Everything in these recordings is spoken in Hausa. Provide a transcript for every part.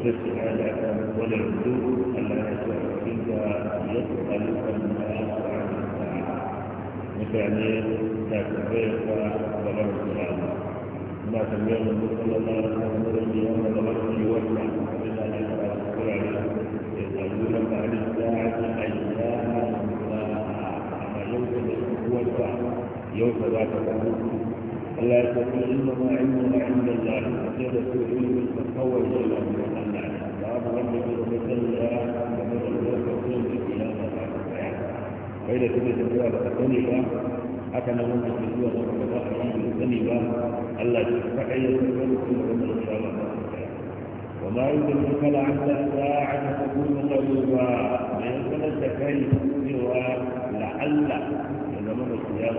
الحجة على ولا العدو على إذا يسألك الناس عن الساعة مثالين لا تبيك ولا السلام ما تبين صلى الله عليه وسلم يوم ضربت يوم إلا أن يسألونك عن الساعة أيام ما يوم هو الساعة يوم لا تقوم لا تقول إنما علمنا عند الله في تقول تتحول إلى الله وإذا كنت تبدو على تقولي با أكن لهم تبدو على تقولي تقولي با ألا تستحي كل من إن شاء الله وما يدرك عن الساعة تكون قريبا ما يمكن الزكاة سوى لعل من من الله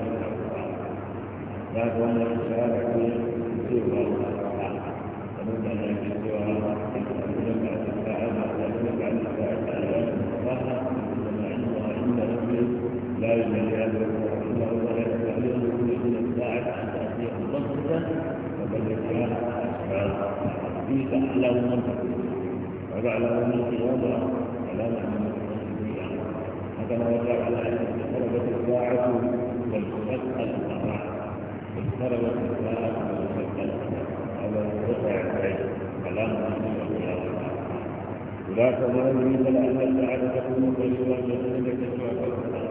لا تكون الشارع سوى الله ومن لا يجوز سوى الله لا يجري أنه رحمه الله يستعمله من الساعة أن تأتيه الضغطة وبل كان أشعار حديث أعلى من وبعد من القيامة كلام أن هذا ما وقع على أن اقتربت الساعة والشق القرع اقتربت الساعة والشق القرع هذا وقع كلام أن القيامة ولا تظن أن الساعة تكون قريبا من أنك تشعر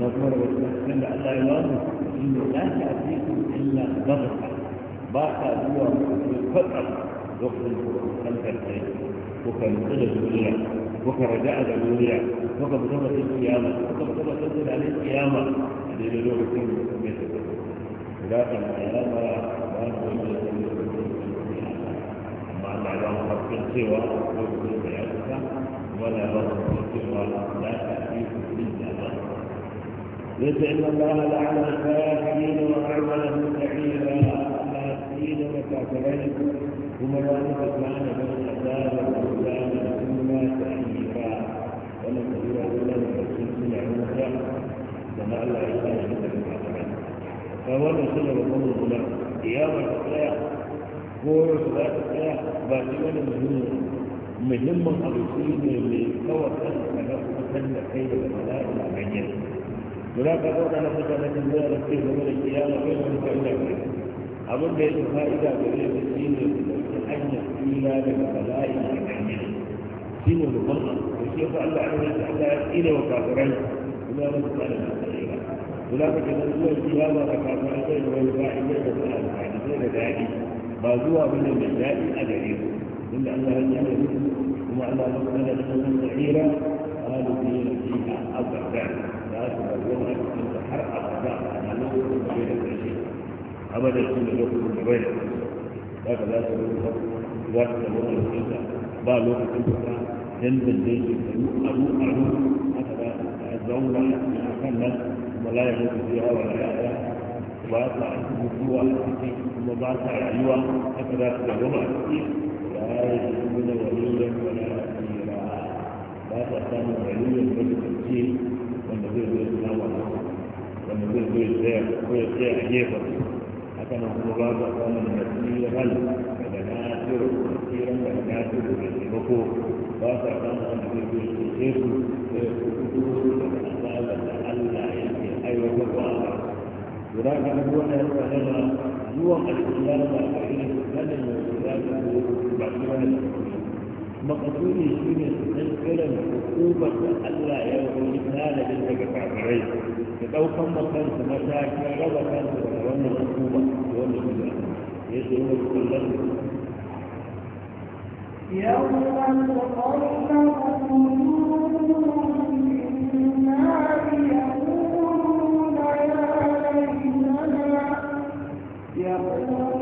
لو كان الرسول صلى الله إن لا تأتيكم إلا بغتة بغتة هو فقط دخل الخلف الخير وكان قدر الدنيا وكان رجاء الدنيا وكان بطلة القيامة وكان بطلة تنزل عليه القيامة الذي يدعو الدين بمثل ذلك إذا كان الحياة ولا أحبان ولا يدعو الدين بمثل ذلك أما أن الله قد سوى وقد سوى لا تأتيكم إلا بغتة يجعل الله لعن الكافرين وأعمله سعيرا الكافرين وكافرين ثم ذلك كان من عذاب الإسلام ثم سعيرا ومن سعيرا بالله يحسن سنع موسى كما لا يحسن سنع موسى فهو سنع وقوم الظلام قيام الصلاة كور صلاة الصلاة باقي مهم مهمة أبو سيدنا اللي توكل فله كيف خير الصلاة هناك وضع نفسك التي لا نفسه من القيامة بينهم فإلى أظن أن الفائدة بريد الدين في فينا بالبلاء دين المبرر وشيخ الله عليه وسلم إلى وكافرين ولا نفسك على الأخيرة هناك تنزل القيامة وكافرين والواحدين والواحدين ذلك بازوها من المجال الأجريب إن الله يجعل منكم ومعنى مقتنى لكم الأخيرة maliki ya fi abada da su da goma cikin ta har abada na lokacin da ya da kashe abada shi ne lokacin da bai da kashe ba za su rubu ba za su da goma cikin ta ba lokacin da ta yanda ne ke kuru abu ba a zaura da a kan nan kuma layar da su yawa da yawa ba sa a cikin mutuwa a ba sa rayuwa haka za su da goma ya yi da kuma ba ta samun waliyan da ke ce wanda zai zai samu wanda zai zai tsaya ko ya tsaya a gefen haka nan kuma ba ta samun nasiran daga nasiru nasiran daga nasiru da taimako ba ta samun wanda zai zai tsaya su da ya kudu daga asalar da Allah yake aiwatarwa guda ga abubuwan da ya faɗa zuwan alƙiyar ba a irin sanin da ya faɗa ba a irin مقصودي شنو تذكرا عقوبة الله يوم مثال بنتك كافرين تتوقع مكانك مشاكل ربا كانت وانا العقوبة وانا يدعو كلهم يوم تقلب قلوبهم في النار يقولون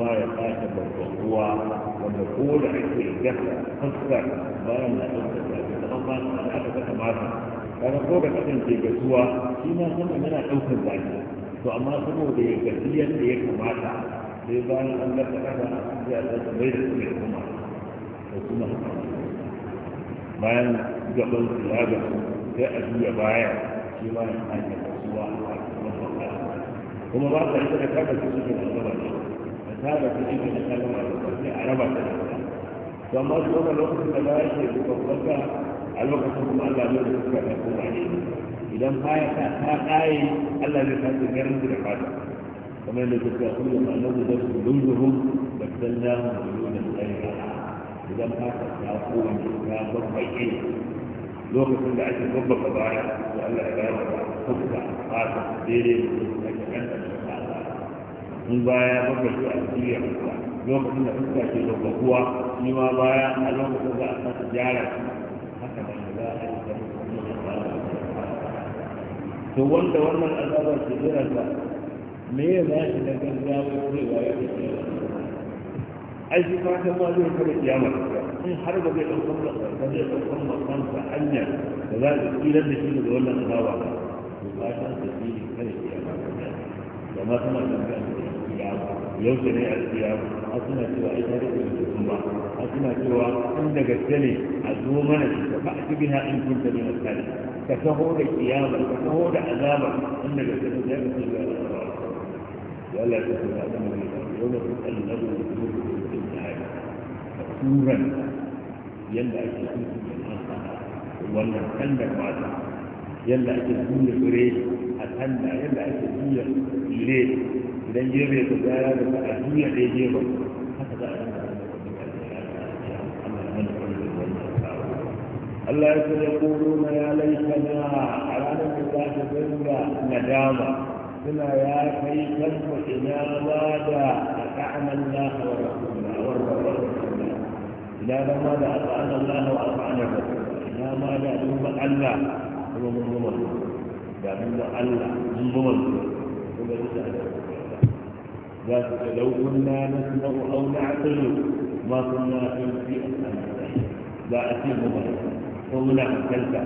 ma ya fata babban ruwa wanda ko da ake gasa fuskar bayan na ɗaukar da ake zama ba na aka saka mata kaga ko da kasance gasuwa shi ma sannan yana ɗaukar zafi to amma saboda ya gasi yadda ya kamata sai bayan an gasa kasa sai a ɗauka mai da kuma ya kuma da kuma bayan gaban su sai a juya baya shi ma ya fata gasuwa kuma ba ka yi da kada su suke da gaba ne ثابت في الاسلام والمسلمين على ما ثم اذكر الوقت كذلك بفضلك الوقت ان لا يدرك لكم عليه اذا ما يفعل ما قاي الا بفضل جنب الحاجه وما يدرك لكم ان نجدت جلودهم بدلناهم بجلود غيرها اذا ما يفعل يقول ان يكون بيئين لوقت من بعد الربا فضائع وان لا اله الا الله خبز قاتل ديري ويقول لك انت in baya baka shi a jiya lokacin da fuska ke da kuwa shi ma baya a lokacin za a saka jara haka da za a yi da to wanda wannan azaba ke jira ta me ya za shi da gaggawa ba ya ce ai shi san ma zai kada kiyama in har ba zai dauka da ba zai ɗaukar da ta hanyar da za a tsirar da shi daga wannan azaba ba to fatan da shi ne kada kiyama da ma kuma tambayar yaushe ne alkiyamu har suna cewa ita da ke mutum ba har suna cewa in da gaske ne a zo mana shi ka ba a ci biha in kun tabi na kare ka taho da kiyama ka taho da azaba in da gaske ne zai mutum ya zama ya Allah ya tsaya da mu ne yau da kuma annabi da kuma mutum da hali a turan yanda ake tuntun da wannan kan da mata yanda ake tuntun da fure a kan da yanda ake tuntun da fure idan gefe ya tsaya ya zama a duniya ɗaya gefen haka za a yi Allah ya ce koro na ya na a ranar da za ta zanga nadama suna ya kai kanta ina ba da a ka'anan laha wa ina ba da a ina da ba Allah kuma mun da ba Allah mun ذلك لو كنا نسمع أو نعقل ما كنا في أسماء لا أتي مبارك ومنع كلفة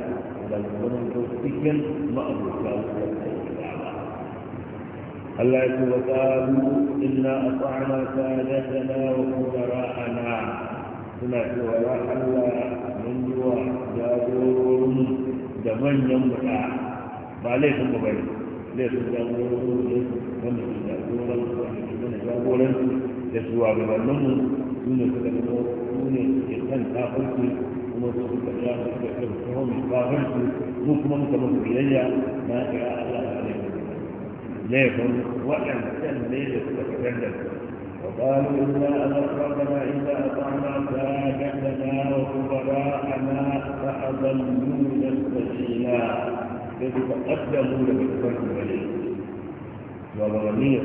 بل كنا توفيكا ما أبوك الله يقول وقالوا إنا أطعنا سادتنا وكبراءنا suna cewa ya من mun yi wa jagororin ما manyan mutu zai su jagorori wanda su jagoran wanda su mana jagoran da shugabanninmu su ne suka zama su ne suke kan tafarki kuma su suka ja su suka kan kuma mai tafarki mu kuma muka musu biyayya na kira Allah ta ne laifin waɗancan ne da suka fitar da su وقالوا إنا أنفقنا إذا أطعنا سادتنا وكبراءنا فأضلونا السبيلا إذ تقدموا لبكتكم عليه وغرمية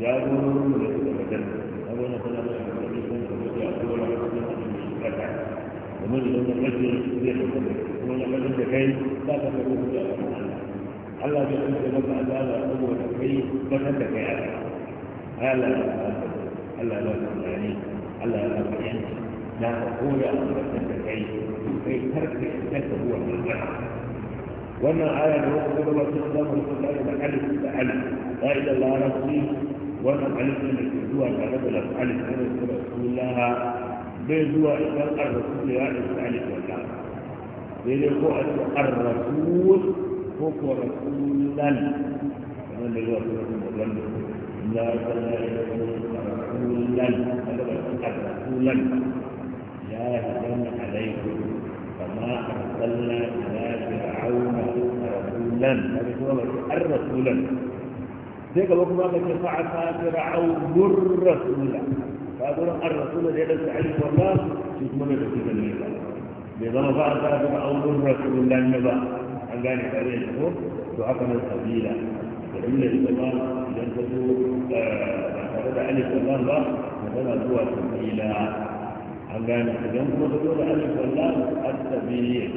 جابوا لبكتكم أبو نسلام عليكم ويأتون عليكم شكاكا ومن يوم الرجل يخبر ومن الرجل كي لا تفكروا في الله يقول لك أن هذا أبو نسلام فتك يا هلا هلا لا تعني هلا لا تعني لا تقول أن فتك كي كي ترك الفتك هو من الجحر وما على الوقت ولا تقدم ولا تقدم بألف لا إلا الله ربي وما علمت أن الدواء كذب لا تعلم أن الدواء كلها بدواء كان الرسول لا يستعلم ولا بلقوة الرسول فوق رسولا كما بلقوة الرسول لا إلا الله رسولا هذا بلقوة رسولا يا هدن عليكم فما أرسلنا إلا فرعون رسولا نبي صلى الله عليه وسلم الرسولا ذيك الوقت ما قلت فعفا فرعون الرسولا فأقول الرسول الذي يدرس عليه والله شوف من يدرس عليه لذا فعفا فرعون الرسولا نبا عن ذلك عليه الصلاة والسلام دعاء قبيلة فإن الإمام ينفذ فبدا عليه الصلاة والسلام دعاء قبيلة عن ذلك ينفذ عليه الصلاة والسلام السبيل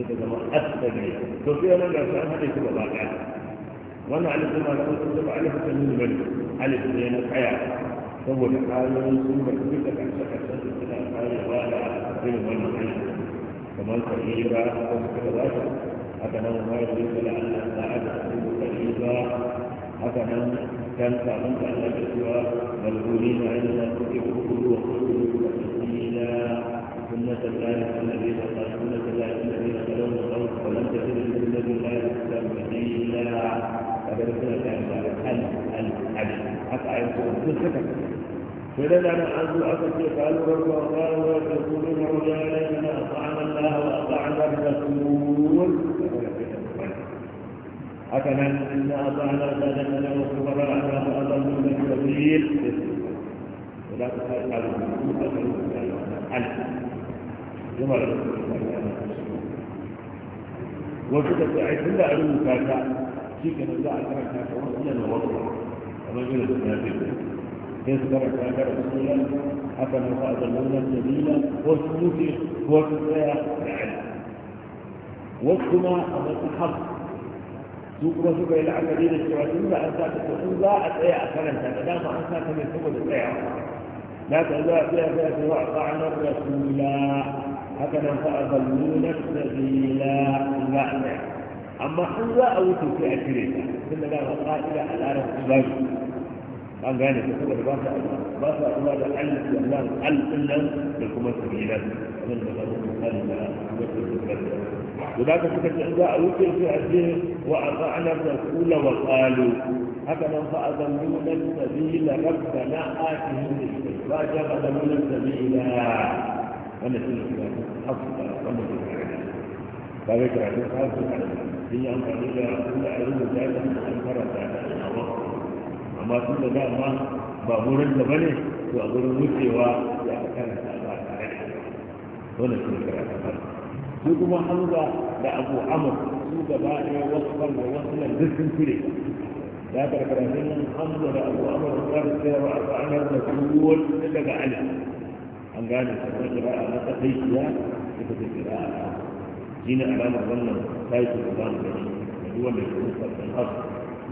sai ta zama asali to sai wannan ga an hade su gaba daya wannan alif kuma na wasu da alif ta nuna bane alif ne na kaya saboda ayoyin sun ba su da kansa kansa da suna karewa da irin wannan alif kamar kariba ko suka ba ta haka nan ma ya yi kala Allah ta'ala ko kariba haka nan كان تعلم أن الأسوى ملعونين عندما كتبوا كلوا وكلوا وكلوا ثم تلاقي الذين قالوا سنة الله الذين aka aiko duk suka sai dai da nan an zo aka ce kalu rabba wa qalu wa yaquluna rajana lana ata'ana Allah wa ata'ana ar-rasul haka nan inna ata'ana sadana wa kubara ana wa adallu min sabil ولا تسأل عن وجدت عند المكافأة شيء كان لا أدرك هذا ولا نوضع رجل نافذ كيف ترك هذا رسولا حتى يتأذنون السبيل والسلوك هو العلم والسماء هو الحق سوكرا سوكرا إلى عن مدينة الشواتين لا أنساك السلوك لا أتأي أخلا لا أنساك من سوكرا الأتأي لا تأذى فيها فيها سواء طعن الرسولا هكذا فأضلون السبيلا لا أتأي أما هو أو تكي أكريتا كل لا وقائل على أرى الزباج قال قال يقول الباسع باسع الله لعلك الله لعلك إلا لكم السبيلات من بغضهم قال لا وذاك فكت عند أوكل في أجله وأطعنا الرسول وقالوا هكذا فأظنون السبيل ربنا آتهم الإخراج فأظنون السبيل أنا سنة الله حفظ الله ومسيح الله فذكر عليه حفظ الله sun yi amfani da sun da a rubuta da an karanta da alawa amma tun da dama ba wurin da bane to a gurin wucewa ya aka karanta ba tare da wani dole sun karanta ba su kuma hamza da abu amur su gaba ɗaya wasu ban da wasu nan duk sun cire da aka karatun nan hamza da abu amur da za su ba a ba'anar da su wani daga ala an gane sannan kira a matsayin ya ita da kira a هنا أمام الظن ثالث الظن هو من الحروف الأصل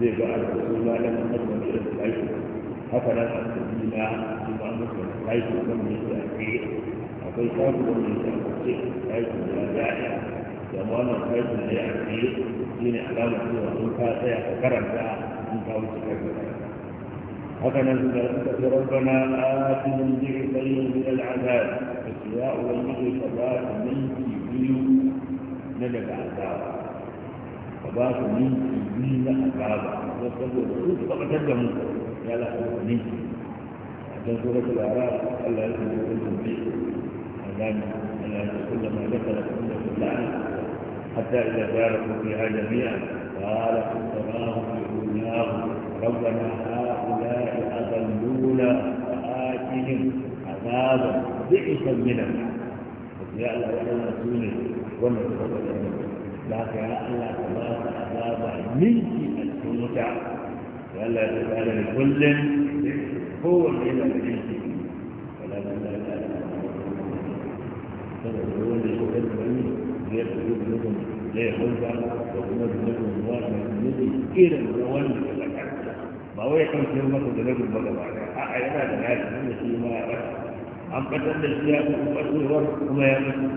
زي بقى الرسول لا لم تقدم إلى الثالث حفلة الدماء بما مثل ثالث الظن من التأثير أعطيت أفضل من التأثير ثالث الظن داعي زمان ثالث الظن داعي هنا أمام الظن الرسول فاتح فكرم داعي من فوز الكبير حسنا ربنا آتنا من ذكر من العذاب الشفاء والمغفرة من في na daga azaba ka ba su minti biyu na azaba ko saboda su suka fitar da mu ya lafa da minti a can sura ta lara Allah ya kuma kuma bi azami Allah ya kuma ma da kala kuma da lana hatta idza daraku fiha jami'an qala kuntahu fi dunyahu ربنا هؤلاء أضلونا فآتهم عذابا بئسا من النار ya Allah wannan su ne wannan su ne da haka ya Allah ka ba su azaba minki a cikin wuta ya Allah ya tsara da kullum kowanne yana da minki wala ta da ta saboda wanda ya da da da kuma da da irin ya ba wai kan ba a yana da nashi wanda shi ma ya an ɓatar da shi ya kuma ɓatarwar kuma ya mutu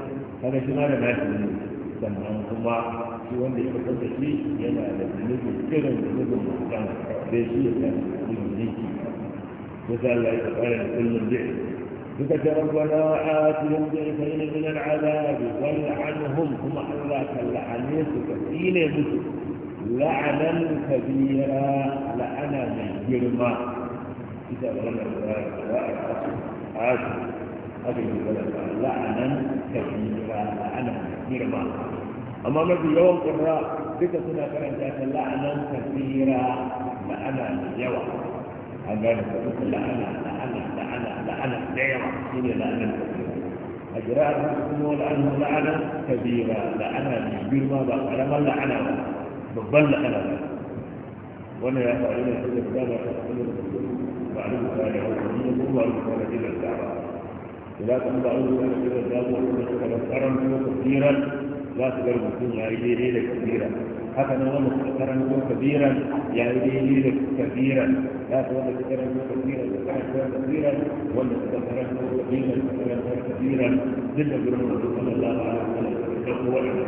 kada shi ma da nashi ne sannan kuma shi wanda ya ɓatar da shi yana da zunubin kiran zunubin mutum sai shi ya san zunubin yanki kusa Allah ya tsara da kullum zai بك ربنا آتهم ضعفين من العذاب والعنهم هم الله كاللعنين كثير مسلم لعنا كبيرا لعنا من جرما إذا ولم يكن عاشر أبي بلد لعنا كثيرا لعنا كثيرا أما ما في يوم قراء بك سنة كانت لعنا كثيرا لعنا يوم أنا لعنا لعنا لعنا لعنا ديرا سنة لعنا كثيرا أجراء المسلمون لعنه لعنا كبيرا لعنا كبير ما بقى لما لعنا ببل لعنا وانا يا فعلنا كثيرا فعليه كان يقول الله كان إلى الدعوة ولا تنبع أن إلى الدعوة ولا تنبع كثيرا لا تقرب الدنيا إليه كثيرا هكذا هو مستقرا كبيرا كبيرا لا تولد كبيرا كثيرا وكان كبيرا ولا تكبرا كبيرا وكان كثيرا جدا برمى صلى الله عليه وسلم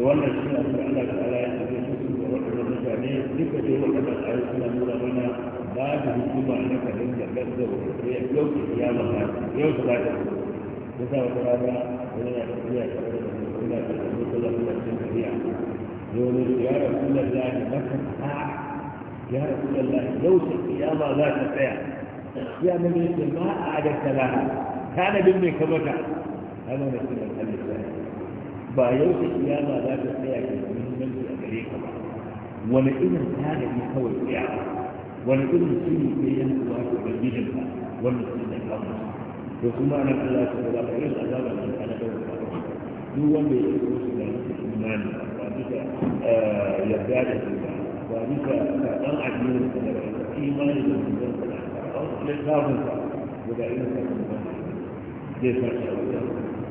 هو الشيء الذي الله تعالى يجب ان يكون mutane duka je wata kasar suna nuna mana babu hukuma na kanin da gaggaba yau ke kiyama ba yau su ba da su ya sa wata rana wani na tafiya da wani suna da wani kula da cin tafiya domin ya rasu da lafi maka ta ya rasu da lafi yau ta kiyama za ta tsaya ya nuna yake ma a da salaha tanadin mai kamata ana da suna halitta ba yau ta kiyama za ta tsaya ke muhimmanci a gare ka ba ولئن هذا المحتوى الاعراب ولئن في بين الله وبين الله والمسلمين الاخرين وكما ان الله تعالى يريد عذابا من على دور الاخرين دون ان يكون في ذلك الايمان وذلك آه، يزداد الايمان وذلك تطلع من الايمان ايمان من دون الاخرين او لكارهم فقط وذلك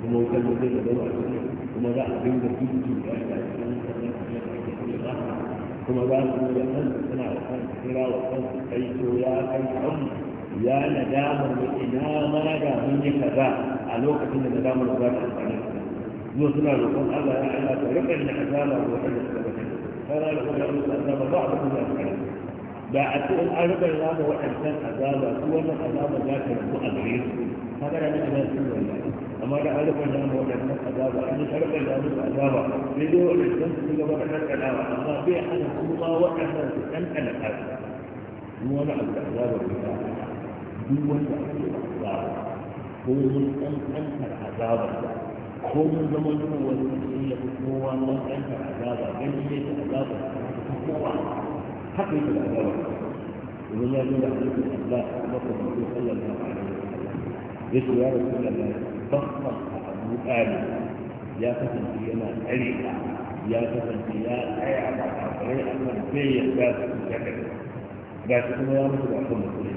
ومن يتبع وما ذا عبيد الدين في الاخره ثم بعد ان يحل الثناء وحل الثناء وحل حيث يا كيف يا ندام من ما ندى مني كذا الوقت ان ندام الغداء عليك يوصل لكم الا الا تعرف ان حزام الروح فلا يقول له الحزام بعض من ذلك بعد ان ارد الله وحزام حزام هو من حزام ذاك المؤمنين هذا لا يكن يسلم الله amma da an rufe namu waɗannan azaba an yi karɓar da musu azaba sai dai waɗannan su gaba da ɗanɗanawa amma bai hana kuma waɗannan su ɗanɗana kasu kuma wani abu da azaba bai ta duk wanda ake da azaba ko mun ɗanɗantar azaba ko mun zama nuna wani mutum ya fi kowa mun ɗanɗantar azaba ganin yake azaba ta kowa haka yake da azaba ومن يقول عليكم الله وقد صلى الله عليه وسلم يا رسول الله a abu tsari ya kasance yana tsare ya kasance ya tsaya ba a tsare a kan zai yarda su da, da ga shi kuma ya mutu ba kan mutum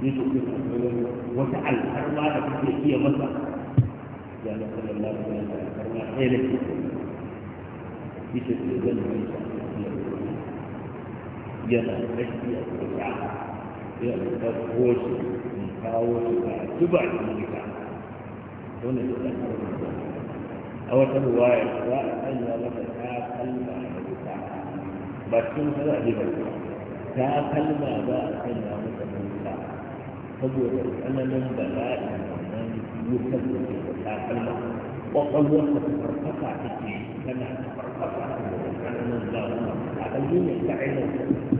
ne su kusa wata alfarma da kuke iya masa ya na kallon lafiya da alfarma ɗaya da ke ita ce zan yi yana tsakiya kusa ya rubuta ko kawo shi ba a tuba da mulka dole su da a wata ruwaya za a sanya masa ta kalma da wuta ba cikin su zaɓe ba ta kalma za a sanya masa da wuta saboda tsananin bala'i wannan wutar da ke da ta kalma ƙwaƙwalwarsa ta farfasa take tana ta farfasa da tsananin zaɓuwa a ɗaljiyar ta ainihin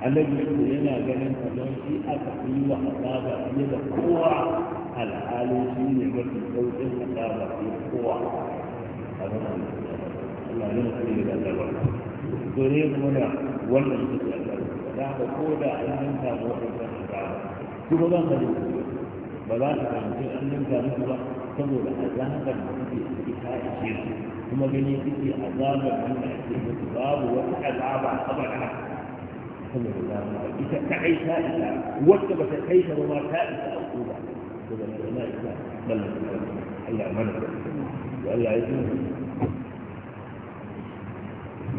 annabi yana ganin kamar shi aka yi wa azaba fiye da kowa al'ali shi ne mafi sauƙin haɗa ba fi kowa a wannan tunanin su ne da gaba dore muna wannan su ke gaba da haka ko da an yi samu waɗannan haɗa kuma ba ka ba za ka fahimci an ninka musu ba saboda azabar da suke ciki su kuma gani kuke a nan da ake musu babu wata azaba abada saboda zama ita ta kai ta isa wacce ba ta kai ta ba ta isa ko ba ta na isa Allah ya mana ya Allah ya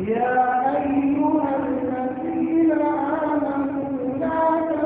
يا أيها الذين آمنوا لا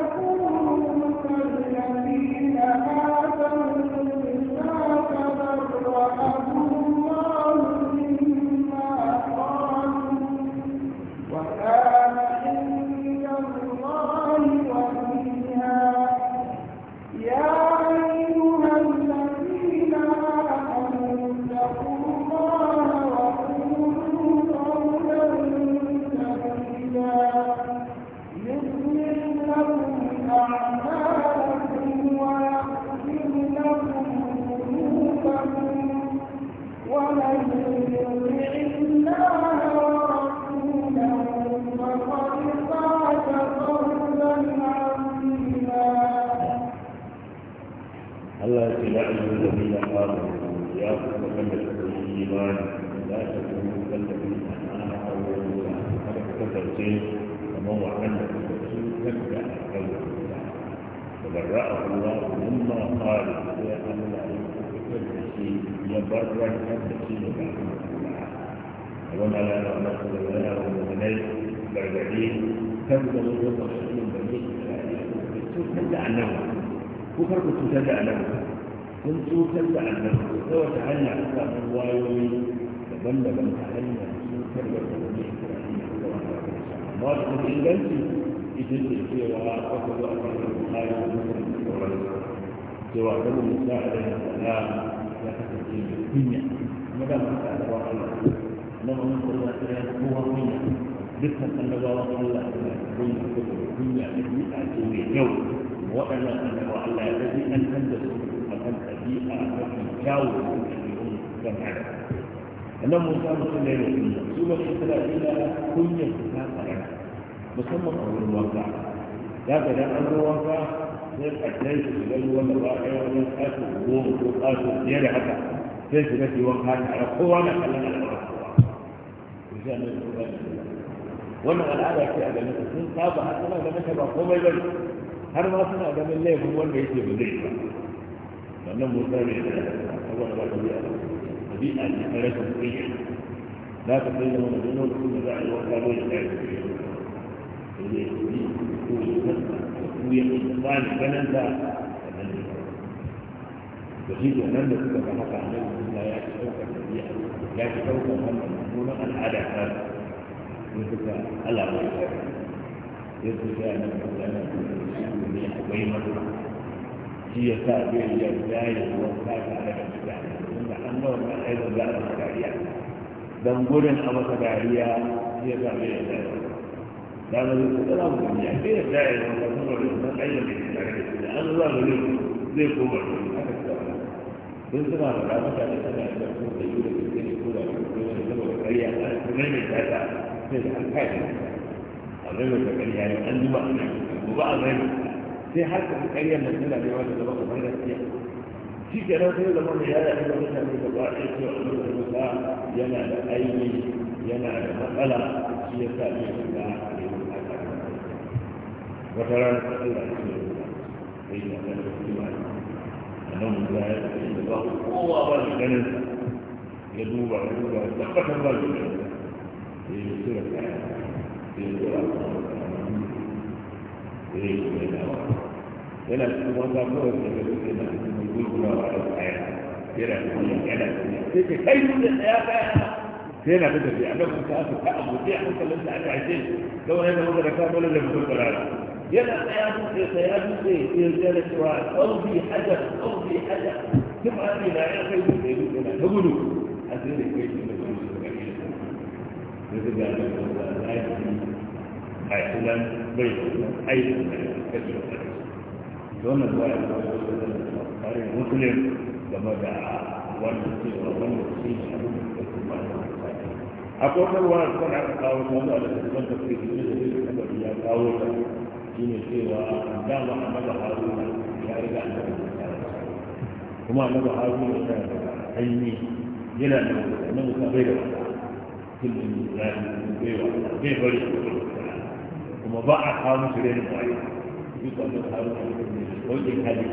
إسرائيل كم من يطرح من بني إسرائيل كنت أعلمه كفر كنت أعلمه كنت كنت أعلمه لو تعلم أكثر من وايوي بل لم تعلم كنت بني إسرائيل ما تقول إلا أنت يجب في وراء أخذ أخذ البخاري ومسلم وغيره سواء كان المساعدة السلام لا تستطيع الدنيا ما دام الله نعم نقول لا هو الدنيا dukkan annabawan Allah suna kunya da kunya da bi'a ce mai kyau waɗannan annabawan Allah ya tafi an san da su a kan ɗabi'a mafi kyawu da ɗabi'un kan hada annan musa mutum ne da kunya su ba su tana ila kunya su ta tsara musamman a wurin wanka ya ga dan an zo wanka sai a kai su shiga ruwan da ba a yi wani ƙato goma ko ƙato fiye da haka sai shiga shi wanka tare kowa na kallon al'aura kowa. Bisa ne da kowa da kowa. wannan al'ada ce a ganin sun saba har suna ganin ta ba komai ba har ma suna ganin laifin wanda yake ba zai ba wannan musa ne da saboda ba ta biya tabi'a ne ta rashin kunya za ka sai da wani duk lokacin da za a yi wata dole ta yi kunya sai dai kuɗi ko yi kasa ko ya yi tsani ganin ta sannan ne da shi ke nan da suka ga haka a nan suna ya fi ɗaukar tabi'a ya fi ɗaukar wannan mummunan al'ada ta suka alama ya suka yana magana su ne akwai masa shi ya sa zai yarda ya wanka tare da mutane tunda an ga wannan aizan za a dariya don gudun a masa dariya shi ya sa zai yarda ya da na zai kuka za mu ya zai yarda ya wanka kuma da wannan aizan da ke tare da shi da an zuwa gani zai koma da shi haka suka wani sun suna da ramata da tana da kuma da yi da ke ko da kuma da kuma da ƙarya a kuma da tata sai da an kai a zai da kakari ya yi an zuba gobe a zai sai har ka fi ƙaryar da suna da yawa da zama kamar gaskiya shi ke nan sai zama da ya da ɗaya mutane da ba a ɗaya cewa a lokacin yana da aini yana da matsala shi ya sa ne da a yi wata rana ta ɗaya da ke da sai da ɗaya da kuma a nan mun za ya da ba kowa ba da ganin ya duba ya duba tabbatar ba da ganin yana cikin wata kawai da ga suke na cikin gurgura wa da kaya yana cikin yana cikin sai ka kai da tsaya kaya sai yana da tafiya da kuma ta ta abuti a hankalin ta aka ce da wani da muka ka dole da mutum karara yana tsaya dutse sai ya dutse ya jira cewa ɗauki hajar ɗauki hajar duk an ina ya kai dutse dutse na ta gudu a sai da kai zuga da zafi a tunan bai aiki da kashi da kashi wannan zuwa ya kawo da tsari musulun game da wannan cewa wannan shi shi abin da kuma da kuma akwai wata ruwa da kuma aka kawo ta kuma da kuma da kuma da da da kuma kawo kuma shi kuma cewa dama a kuma haruna kuma riga kuma maza kuma a kuma haruna yana da hanyi kuma da mutane kuma da wata kullum zai bari kuma ba a kawo musu rere kwaye su kwallo da haru kan sauƙin hali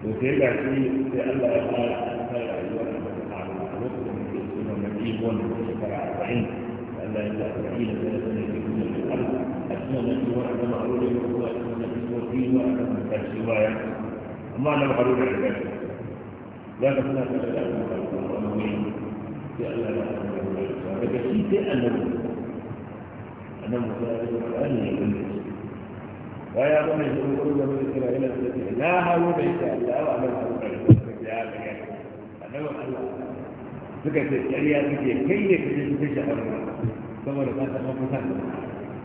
to sai ga shi sai Allah ya fara ta rayuwa da ta faru a lokacin da ke suna mai ibon da shekara arba'in Allah ya ta faɗi da ta kuma da Allah a cikin wannan zama a wurin ko a cikin wannan ciwo a baya amma na faru da ta karshe suna ta da ta wani shi sai annabi annabi ya ce ba ne ya wa ya ba mai zuwa kuma da kira da ce na hawo da ita Allah wa Allah ku kare ya ga ya annabi Allah suka ce ƙarya suke kai ne kaje suke shahara saboda ka ta mafaka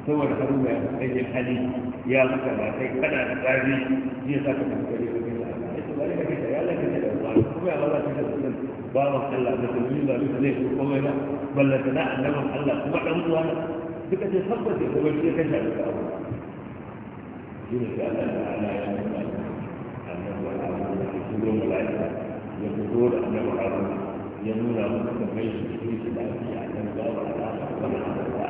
saboda ka ruwa ya kai hali ya maka ba kai kana da tsari zai saka ka kare ka kai ya laka da wani kuma ya laka da bawan Allah da kuma yi ba duk zai ko komai ba ballanta na annaban Allah kuma dan uwa na duka ce tabbata ko ba shi ka shafi ka abu shi ne ga Allah ta ala ya yi ba annabi wa Allah da shi ko malaika ya fito da annabi Allah ya nuna masa kamar shi shi shi da shi annabi ba wa Allah ba na da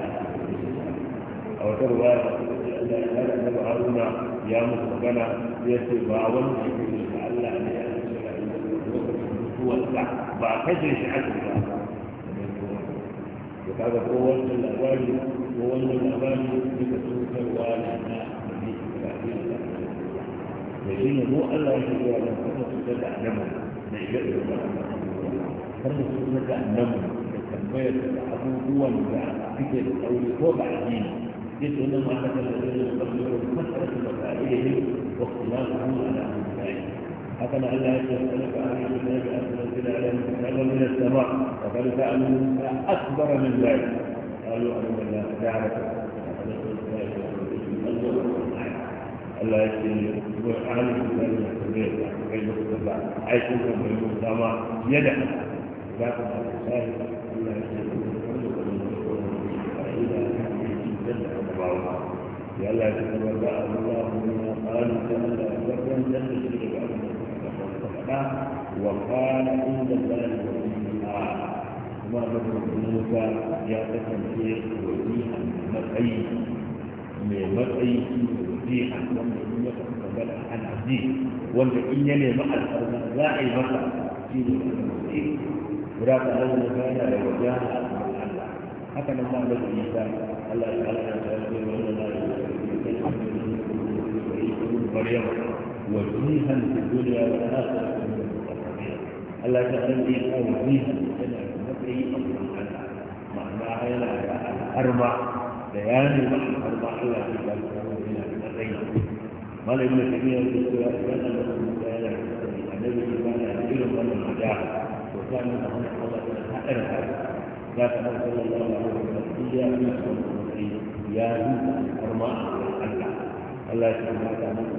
a wata ruwa Allah ya da annabi Haruna ya musu magana ya ce ba wanda yake da Allah ne ya ce ga lokacin mutuwarsa بعد هجر شحات الله هذا هو ولد الأوالي هو ولد الأوالي لكتوك الوالد لكن هو ألا يجب أن تفضل تتعلمه نعجأ إلى الله فمس نتعلمه التنمية تتحبه هو المتعب فكرة الأولى هو بعدين يتعلم أنك الذين يتقلون مسألة المسائل واختلافه على أنه حكم لا يسألك عن الكتاب أن تنزل عليهم كتابا من السماء وقد فعلوا أكبر من ذلك قالوا أن الله دعوة ألا يسألك عن الكتاب من السماء علم السماء عيش من السماء يدع ذاك الإنسان ألا يسألك يا الله تتبرأ الله مما قالوا كما لا يبرأ من ذلك الحق وقال عند الله وفيها ما نقول موسى يا تكن في وفيها مرئي من مرئي وفيها ومن يكن قبل عن عزيز ومن إن يلي مع الأرض لا أي مصر في المسيح ولا تعلم كان لو جاء الله هكذا ما نقول موسى الله تعالى وإن الله يقول مريم وجنيها في الدنيا والآخرة من المقربين ألا تغني أو جيها لنا بمكري أمر عنها معناها إلى الأربع بيان في الأربع إلى الأربع إلى المكرين قال ابن تيمية في السورة كان لهم مكانا النبي كان يعلم من الخداع وكان لهم خلق أرهب ذاك صلى الله عليه وسلم يا أيها المسلمين يا أيها الأرماء والحلقة الله سبحانه وتعالى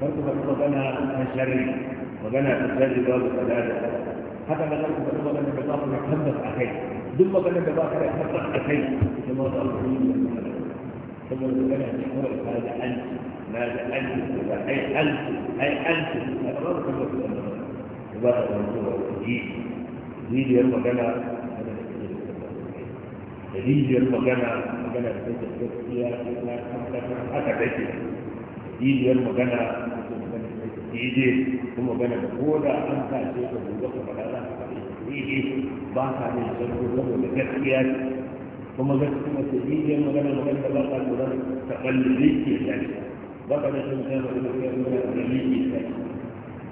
كنت فتوبة بنا شريف وبنى الشر دول الثلاثة حتى ما كنت فتوبة بنا بطاقة محمد أخي دم بنا بطاقة محمد أخي ثم وضعوا في ثم ربنا يشكر هذا أنت ماذا أنت أي أنت أي أنت هذا ما كنت فتوبة بنا بطاقة محمد أخي جديد يوم كان هذا الشيء الذي كان هذا الشيء الذي كان هذا الشيء الذي كان هذا الشيء الذي كان didiyar magana ko magana da ko da an ta ce ka buga ka faɗa za ka faɗi ba ka sarko saboda gaskiya kuma gaskiya magana magana da ba ka lura ta ɓalli ke ba ka da shan yi magana da ya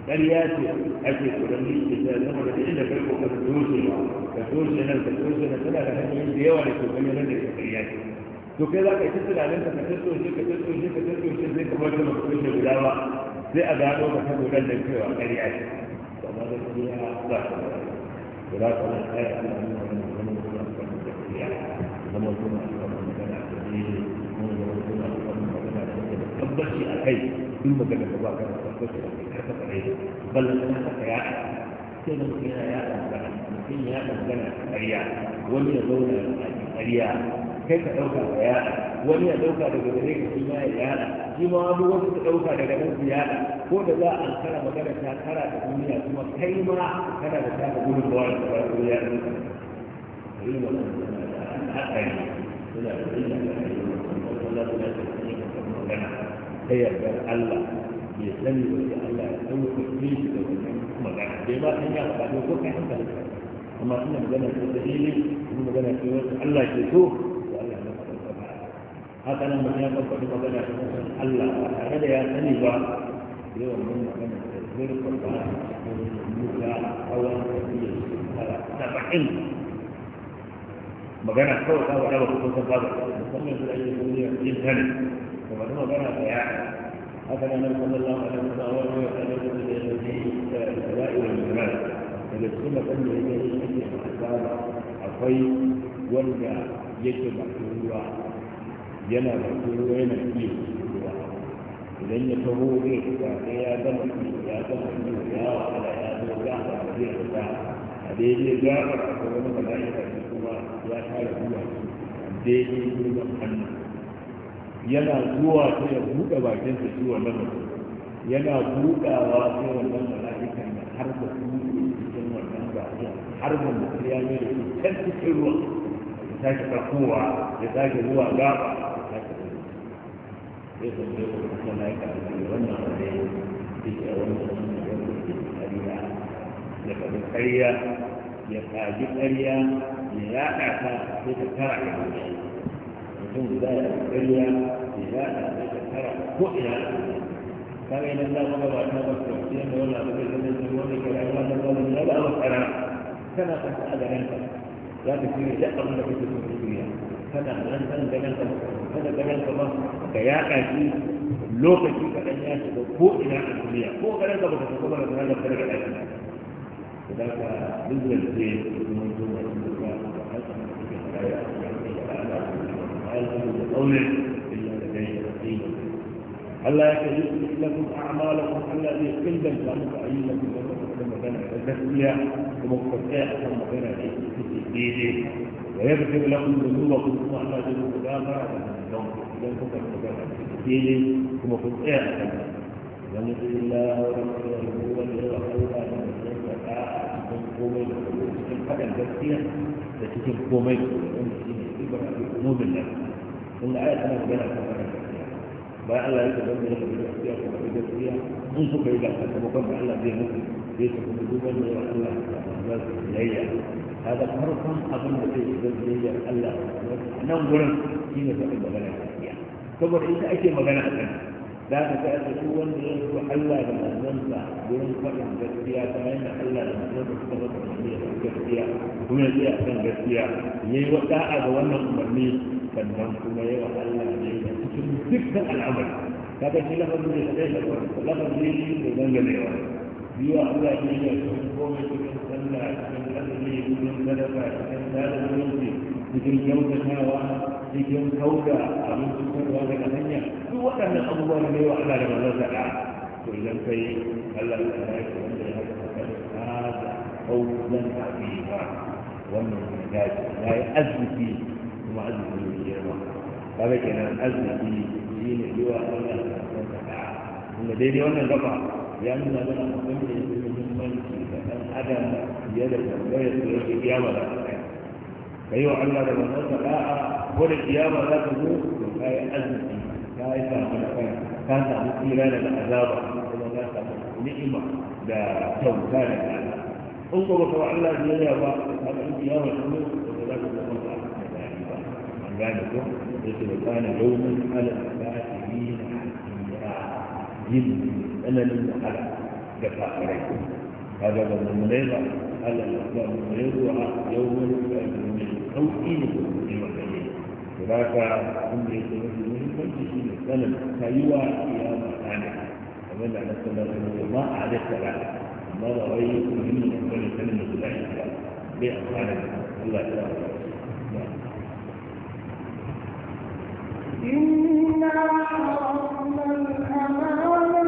ƙarya ce ake tsoron liki tashi saboda da inda kai ka doshe nan ka doshe nan tana da hanyoyi da yawa da ke bayyana da ƙarya ce to kai za ka yi tunanin ka tatto shi ka tatto shi ka tatto shi zai kamar da mutum shi guda ba sai a gano ka ta gudan da a ƙarya ce amma da kuma ya za ka da za ka wani kaya a nuna wani wani wani a wani da wani zama kuma a wani magana a kan yi mun wani kuma a kan wani da kuma wani a kai duk wani da ba wani da wani a kai ka wani rai wani na wani ya wani da wani yana wani magana wani ya wani magana a ƙarya wani ya zauna a ƙarya kai ka ɗauka ka yaɗa wani ya ɗauka daga gare ka shi ya yaɗa shi ma wani wasu ka ɗauka daga nan su yaɗa ko da za a ankara magana ta kara ta duniya kuma kai ma kana da taka gudun da wani kawai ko ya ɗauka irin wannan suna da haɗari suna da illa da haɗari wannan suna da sani ka kan magana ta yardar Allah ya sani wanda Allah ya ɗauka shi da wannan magana bai ba san ya faɗa ko kai hankali amma ina magana ta dalili ina magana ta wata Allah ke so haka nan mutum ya farfaɗi magana ta kusan Allah ba tare da ya sani ba yawan mun magana da zurfin ba ko muka hawan tafiyar shekara bakin magana kawai ta faɗa ba ku kusan ba ba musamman su ake duniyar intanet da wani magana da ya haka nan nan kuma Allah ba da kusa wa ne ya sani da ya yi da za'i da daga cikin mutum da ya yi da ya sani akwai wanda yake ba ruwa yana da ruwa yana iya ruwa idan ya taho zai fita sai ya gama iyo ya zama iyo ya wahala ya zo ga ba zai fita a daidai ga ba ko wani mala'ika ne kuma ya tara ruwa daidai gurbin hannu yana zuwa sai ya buɗe bakinsa shi wannan mutum yana buɗawa sai wannan mala'ikan da har da su cikin wannan bakin har da mutum ya mai da su can cikin ruwa ya sake ɗaukowa ya sake zuwa gaba sai ka ce ko kuma na ka ce wannan abu ne shi ke wani wani ya kuke ƙarya ya faɗi ƙarya ya kaji ƙarya ya yaɗa ta sai ka tara ka ce mutum guda ya ƙarya ya yaɗa sai ka tara ko ina kaga idan za ku ba ta ba ku ce ne wannan abu zai zama zama wani kira ya zama wani ya ba ba kana kana ka ta a garin ka za ka shirya duk abin da kake so ka shirya kana nan nan ganin ka kusa da ganin gaba ka yaƙa shi lokaci kaɗan ya shiga ko ina a duniya ko ganin gaba ka shiga ba ka da farga da shi to da ka duk da ce kuma to da shi da ka haka da kake fara ya da Allah da kaunin illa da ganin da ألا يكلف لكم أعمالكم ألا يقل بل فأنت أيضا كما كان تزكية ومقفتاء كما كان في الدين ويغفر لكم ذنوبكم ثم لا ذنوب لا بعد إذا كنت تتكلم ثم كنت أعلم ومن الله ورسوله هو الذي خلق cikin faɗin gaskiya da cikin komai wanda shi ne ibar a umumin nan sun da ayat tana magana kan faɗin gaskiya bayan Allah ya tabbata da faɗin gaskiya ko faɗin gaskiya in suka yi da sakamakon da Allah zai mutu zai tabbata duk wanda ya Allah za su yayya هذا فرق أظن في الزوجية الله ننظر فيما تقول مغنى الأشياء ثم إذا أشياء مغنى أسنى لا تسأل سوى وحلى لما ننسى دون فرق جسيا فإن حلى لما ننسى فرق جسيا هنا دي أحسن جسيا يوقع أدوانا أمرني فالنسى وحلى لما ننسى تكتب العمل هذا شيء لفظ لي لفظ لي لفظ لي biya Allah ne ya cikin komai cikin sallah cikin azumi cikin sadaka cikin sada zumunci cikin kyautatawa cikin kauda abin cutarwa daga hanya duk waɗannan abubuwa ne wa Allah da manzon sa da to idan kai Allah ya kare ka wanda ya haka ka da kaudan habiba wannan ya dace ya yi arziki kuma arziki ne girma kaga kenan arziki shine yiwa Allah da manzon sa da kuma daidai wannan gaba لأن من لم يكن من ملكي فمن أدى بيده لا يدرك القيامة لا فيعلم من نطق كل القيامة لا تموت وكاية لا كاية من الخير لا تعبد إيمانا لا إلى لا تعبد نعمة لا تموت انظروا فهو لا دين الله هذا لا يا رسول الله لا الله عليه وسلم لا ذلك يقول كان لا على الاباء به لا الدعاء جنه أنا من أحد دفع عليكم هذا بن مليضة قال الأخبار مليضة يوم الأجل من توقيتكم في مكانين فذاك هم يتوجدون من كل شيء سلم سيوى في هذا الحالة ومن على السلام من الله على السلام ما رأيكم من أفضل كلمة العشرة بأفضل الله تعالى نعم. إنا عرضنا الأمانة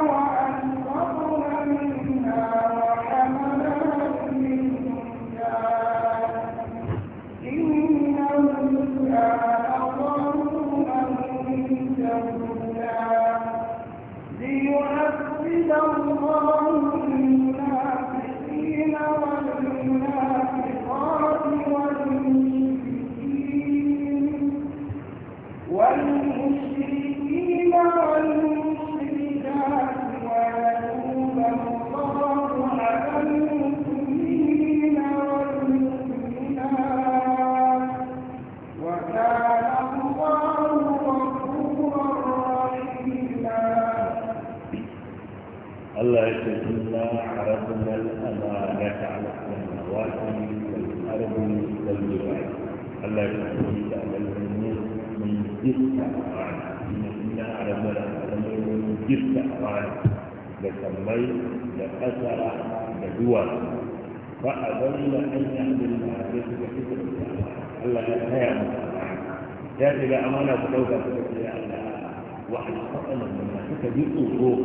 ذات الى امانه وتوبه الى الله واحد فقط من المملكه دي اوروبا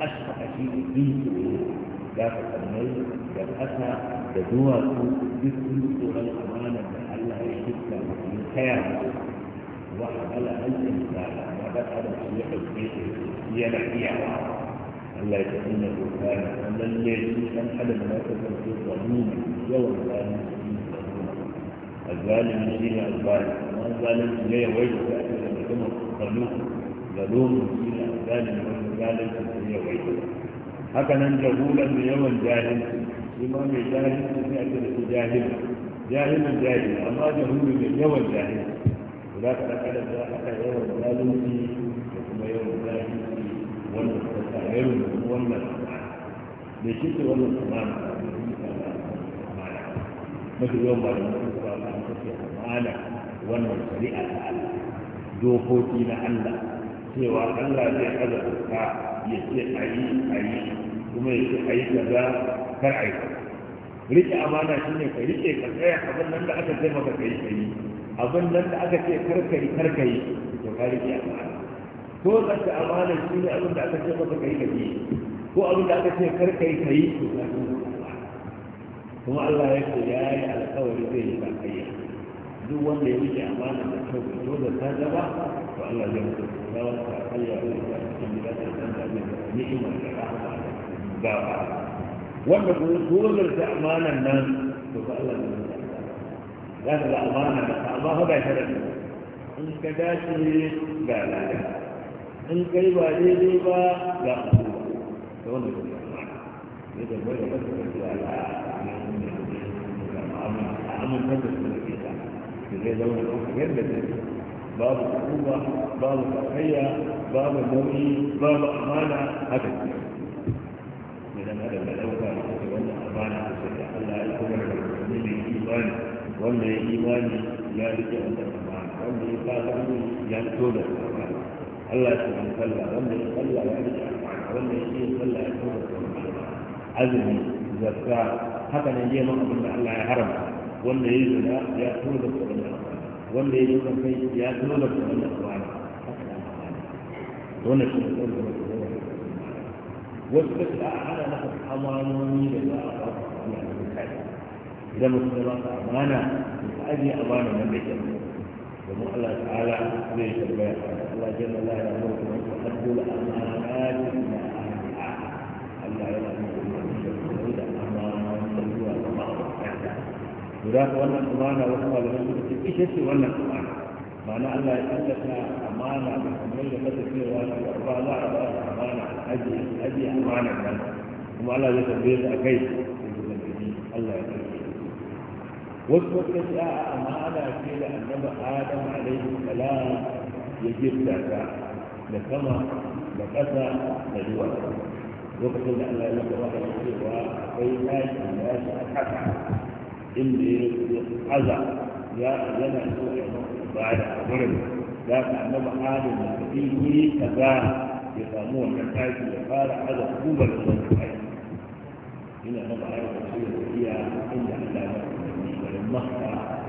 اشقى شيء دي اوروبا ذات الامل جبهتها تدور في كل دور الامانه لعلها يشتكى من خيرها وحبل الانسان ما بقى مسيح البيت هي نبيعها ألا يتكلم بركان أن الذي لم حدث ما يتكلم به ظلوما يوم لا الظالم الذين الظالم والظالم لا يويل فأكل لكم الظلوم ظلوم الذين الظالم والظالم لا يويل هكذا جهولا بيوم جاهل بما من جاهل فأكل جاهل جاهل جاهل أما جهول بيوم جاهل وذاك أكل ذاك يوم ظالم وكما يوم جاهل والمستعير والمستعير بشكل والمستعير مثل يوم بعد malam wannan shari'a ta Allah dokoki na Allah cewa Allah zai kaza ka ya ce ayi ayi kuma ya ce ayi kaza kar ayi yi rike amana shine ka rike ka tsaya abin nan da aka ce maka kai kai abin nan da aka ce kar kai kar kai to ka rike amana ko zaka amana shine abin da aka ce maka kai kai ko abin da aka ce kar kai kai to ka kuma Allah ya ce ya yi alƙawari zai yi sakayya duk wanda ya rike amana da kyau da dole ta gaba to Allah zai mutu ta wata Allah zai ta cikin gida ta san da zai ta ni'ima da rahama da ba wanda kuma dole ta amana nan to fa Allah zai mutu za ka ga amana da amma ha ba sharadi in ka dace ga lada in kai ba daidai ba ga hukuma to wannan ne ne da bai da kasa da Allah ne ne da mu'amala da zai zama da kuma yadda ta babu hukuma babu tsakayya babu nauyi babu amana haka ne dan adam da dauka da wannan amana da sai Allah ya kuma da mutum ne imani wanda ya imani ya rike wannan amana wanda ya fata ya to da amana Allah ya san sallah wanda ya sallah ya rike amana wanda ya yi sallah ya to da amana azumi zakka haka ne je mun abin da Allah ya haramta wanda ya yi ya tuno da tsoron da wanda ya yi zina kai ya tuno da tsoron da tsoron da wannan shi ne tsoron da tsoron da wasu kasu a ana maka amanoni da za a ba su a da kai idan mutum ba ka amana ka ajiye amana nan da kyau domin Allah ta'ala zai tambaya Allah jalla kuma ya mutu da qad qul amanatu ma ahliha Allah يراد ولا الأمانة وهو لم يثبت في شيء ولا الأمانة معنى أن لا يحدثنا أمانة من حملة مثل في رواية الأربعة لا أربعة أمانة أجي أجي أمانة من وما لا يتبير أكيد الله يتبير واذكر كساء ما لا قيل انما ادم عليه السلام يجب ذاك لكما لكفى لجوى واذكر ان لا اله الا الله يجب ان يكون الحق inda ya aza ya yana so ya ibada a gurin da ka annaba adam da kafi wuri kaza ya samu wannan taki ya fara aza kubar da wannan aiki ina na ba a yi wasu ya tafiya inda Allah ya tafi garin Makka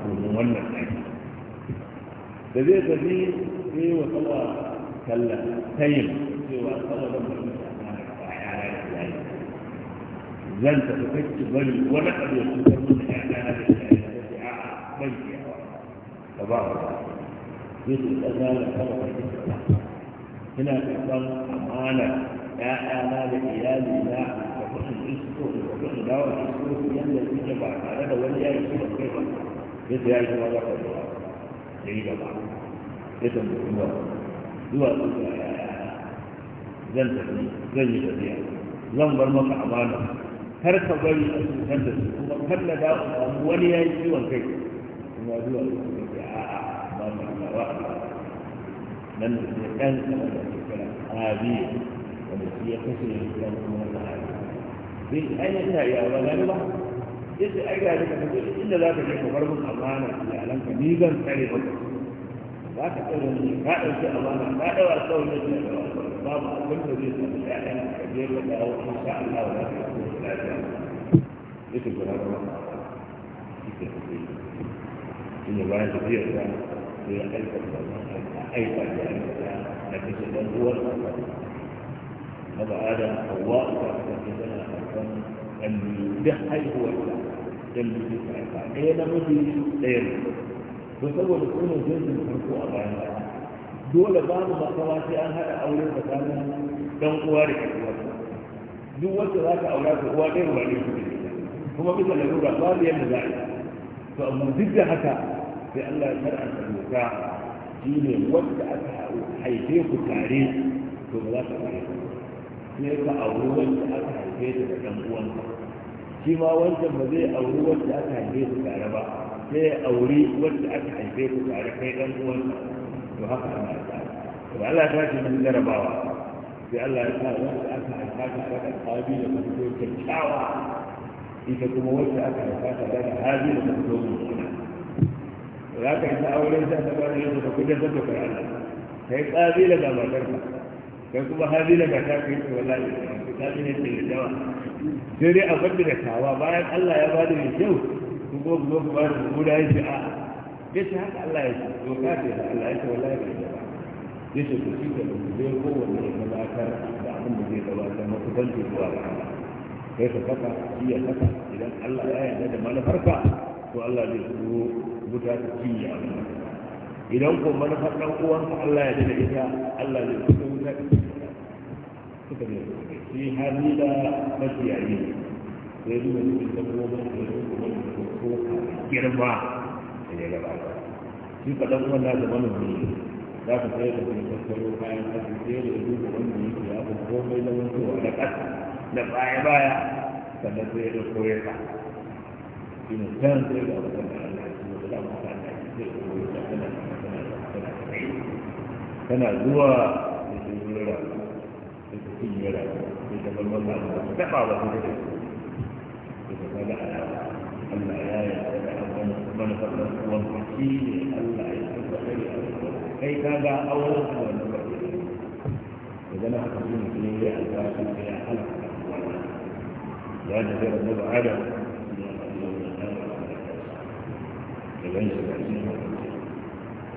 domin wannan aiki da zai tafi sai wa tsawa kalla tayin cewa tsawa da mutum zan tafi kacce bari wani abu ya cutar mun da تبارك يوسف الأذان خلق هنا تقام أمانة يا أنا لإيالي لا وكل إسكو وكل دواء إسكو يلا يجمع على دولة يا إسكو كيف يدري يا إسكو هذا كله جيدا يتم هو هو zan tafi zan yi tafiya zan bar maka amana kar ka bari a cutar da su kuma kar na da wani ya yi ciwon الرأي من كان آبي ومسيح كسر الإسلام من الآبي بالآية يا ولد الله إذ أجل إلا لا تجد غرب الأمانة الإعلام كبيرا كريما لا تقول لا أنسى أمانة لا أرسل لك بابا كل ذي الإعلام كبير لك أو إن شاء الله ولا تكون لا يكتب هذا الله إن الله كثير ليأيك أيضا لأنك نفس من هو الأفضل نبى آدم حواء فأخذتنا أفضل أن يدحي هو الأفضل يلي يدحي أي نمدي ليلي فسوى لكل جنس الحقوق أبعاد dole babu matsawa sai an haɗa aure tsakanin dan uwa da ƴan uwa duk wacce za ka aura ta uwa ɗaya ba ne kuma bisa da ruga babu yadda za a yi to amma duk da haka sai Allah ya shar'anta doka shi ne wanda aka haife ku tare to ba za ka kare ku sai ka auri wanda aka haife ta da ɗan uwanka shi ma wancan ba zai auri wanda aka haife ku tare ba sai ya auri wanda aka haife ku tare kai ɗan uwanka to haka ana ta to Allah ta ce mun jarabawa sai Allah ya sa wanda aka haifa ta da ƙabi da mutum kyakkyawa ita kuma wanda aka haifa ta da hali da mutum za ka yi auren sa ta bada yin ka kudin sa dokar Allah kai kabila ga matarka kai kuma habila ga ta kai wallahi ta ne ce da dawa sai dai a bada da tawa bayan Allah ya bada mai kyau ku go ku ku bada ku da yi a Ya ce haka Allah ya ce to ka ce Allah ya ce ya wallahi Ya ce ku shi da ku zai kowanne ya gabatar da abin da zai gabatar na kusanci zuwa ga Allah kai ka saka ya saka idan Allah ya yarda da manufarka ko Allah zai shigo guda ta cinye abu idan ko manufar ɗan uwansa Allah ya dada ita Allah zai kusa wuta suka ne shi har ni da maciyayi sai zuwa cikin dabbobin da ya kuma da ko girma da ya gabata shi ka ɗan uwan da manomi za ka sai da kuma tattaro kayan hatsi sai da duka wanda yake ya ko komai da mutuwa da ƙasa da baya-baya sannan sai da koyarwa shi ne can sai da abokan da ta tana zuwa da ta zuwa da ta cinye da ta ta bar maka da taba ba ta da ta da alama Allah ya yi da abin ne Allah ya da kai ka ga da haka ne ya halaka ya zai rabu da adam gan shi a cikin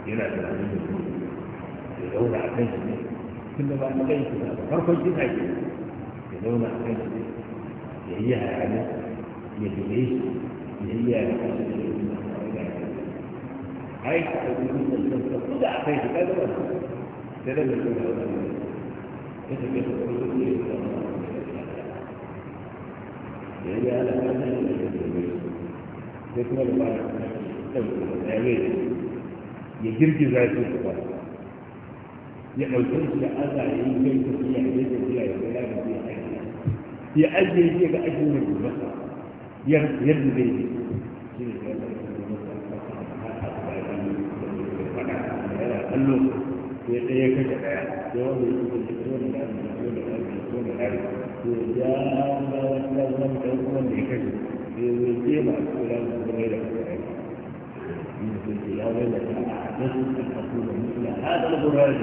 yana da ranar da ya zauna a kan shi ne tun da ba na kan shi ba farkon jin ake ya zauna a kan shi ya yi hayani ya dole shi ya yi yaya kan shi da zuwa ai ka ɗauki mutum da zuwa ko da a kai shi ka zama sai da mutum da zuwa ya tafiya da kuma zuwa ya zama da ya yi alaƙa da ya zama sai kuma da ba da ya girgiza shi su ba ya ɗauke shi da aza ya yi kai tafiya ya tafiya ya da zai aiki ya ajiye shi ga ajiye na yadda zai yi shi ne ya ɗauke kallo sai ɗaya kashe ɗaya wanda ya da tsohon da da da da da to ya ba wani ɗan wanda ya kashe zai ce ba a tsohon da ɗan إن كنت يا التي أحدثت أن أكون مثل هذا الغراب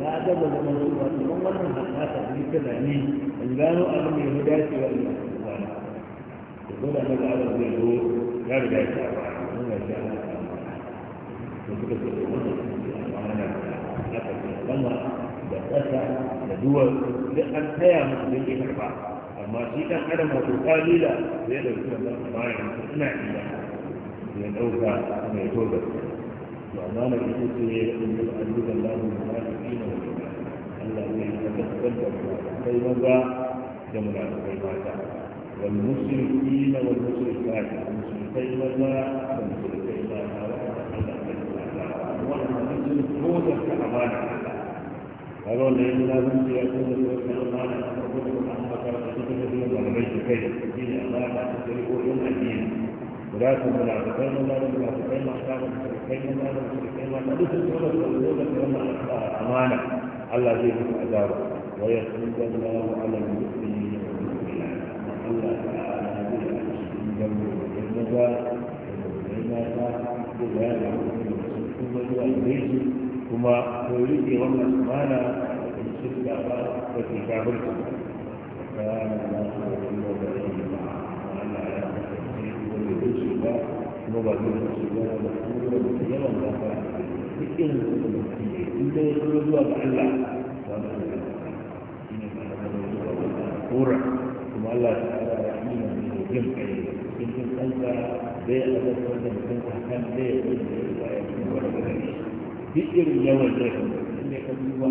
ما أدب المنصوب المنصوب من هذا في كلامي إن كانوا أهل الهداة والإخوان يقول أنا بعد الوجود لا بد أن بداية ولا شأن da duwar duk an taya musu don yi karba amma shi ɗan adam wato kalila zai ɗauki wannan bayan suna iya ya ɗauka mai toga to amma amana ita ce in yi azuban lahu munafiki na wani Allah zai yi tabbatar da munafikai maza da munafikai mata wal mushriki na wal mushrikat mushrikai maza da mushrikai mata ta, Allah zai yi tabbatar wannan sun toga ta amana kaga wanda ya nuna zan ya kuma da wata amana a farko da kuma an bakar da cikin da zuwa malamai da kai shi ne amana ta sai ko yin addini ولا المنافقين ولا المنافقين أحكام المشركين ولا المشركين ولا المشركين ولا أمانة الله زي عذابه ويتوب الله على المسلمين والمسلمين الله تعالى بالعشرين والمسلمين kuma koyi wannan amana da shirka ba da kafirci da ya nuna da bai wuce ba kuma ba zai wuce ba da kuma da yawan gafara duk irin su da mutum ya in dai ya zo zuwa ga Allah ba mu da shi ne ba da zuwa ga Allah kuma Allah ta'ala ya yi mana da jin kai cikin jin kanka bai azabtar da mutum a kan bai yi da ya yi kuma da gari duk irin yawan zai kuma in dai ka duba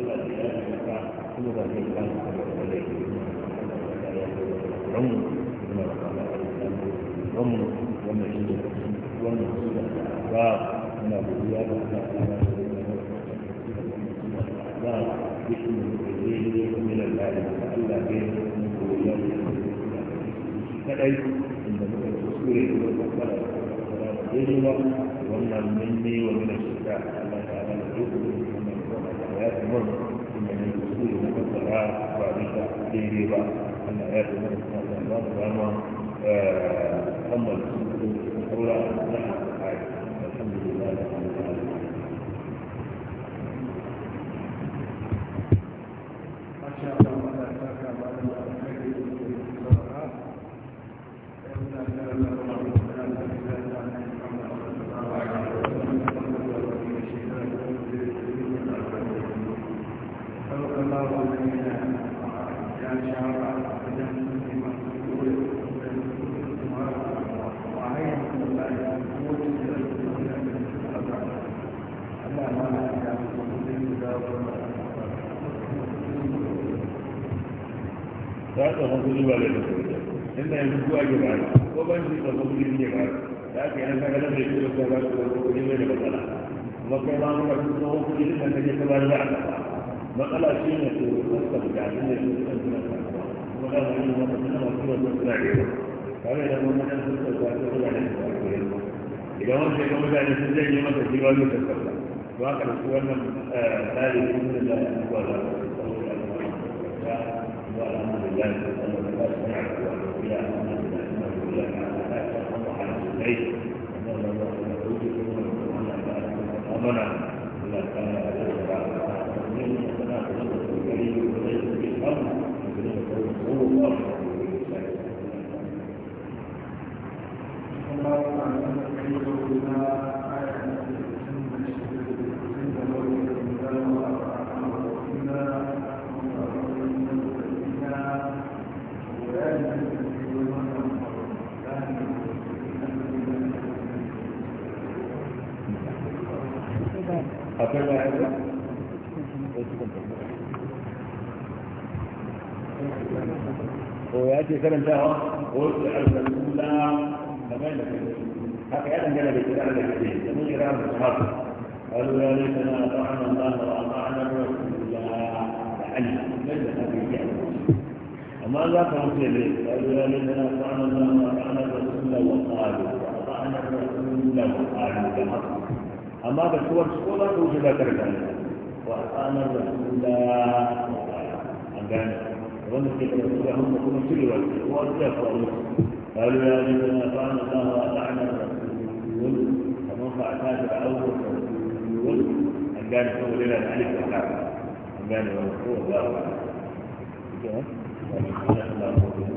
Allah ya yi maka kuma ba zai ba ka da wani da ya yi da ya yi da ya yi da ya yi da ya yi wannan wannan shi ne ba da wannan shi ba ya ba ya kuma muhammad sun kuma saura na alhamdulillah zuwa ke ba ko ban shi da kuma kudi ne ba da ake da shi da kuma da kuma da kake kuma da matsala shi ne to shi ne su kuma da wani a idan wani mutane sun janye masa zai da wannan tsari ne da ya da kai kake karantawa ko su al ما kamar da kake haka ya dangana da kira da kake قالوا يا ليتنا اطعنا الله واطعنا الرسول علم نجد هذه الجهه وما ذاك مسلم قالوا يا ليتنا اطعنا الله واطعنا الرسول وقالوا واطعنا الرسول وقالوا بالحق اما بسور سكولا توجد ذكر ذلك واطعنا الرسول وقالوا ومسك يتبعهم وكل كل وجه وأسلاف قالوا الله وأطعنا الرسول فمن فعل أول الرسول أن كان يقول لنا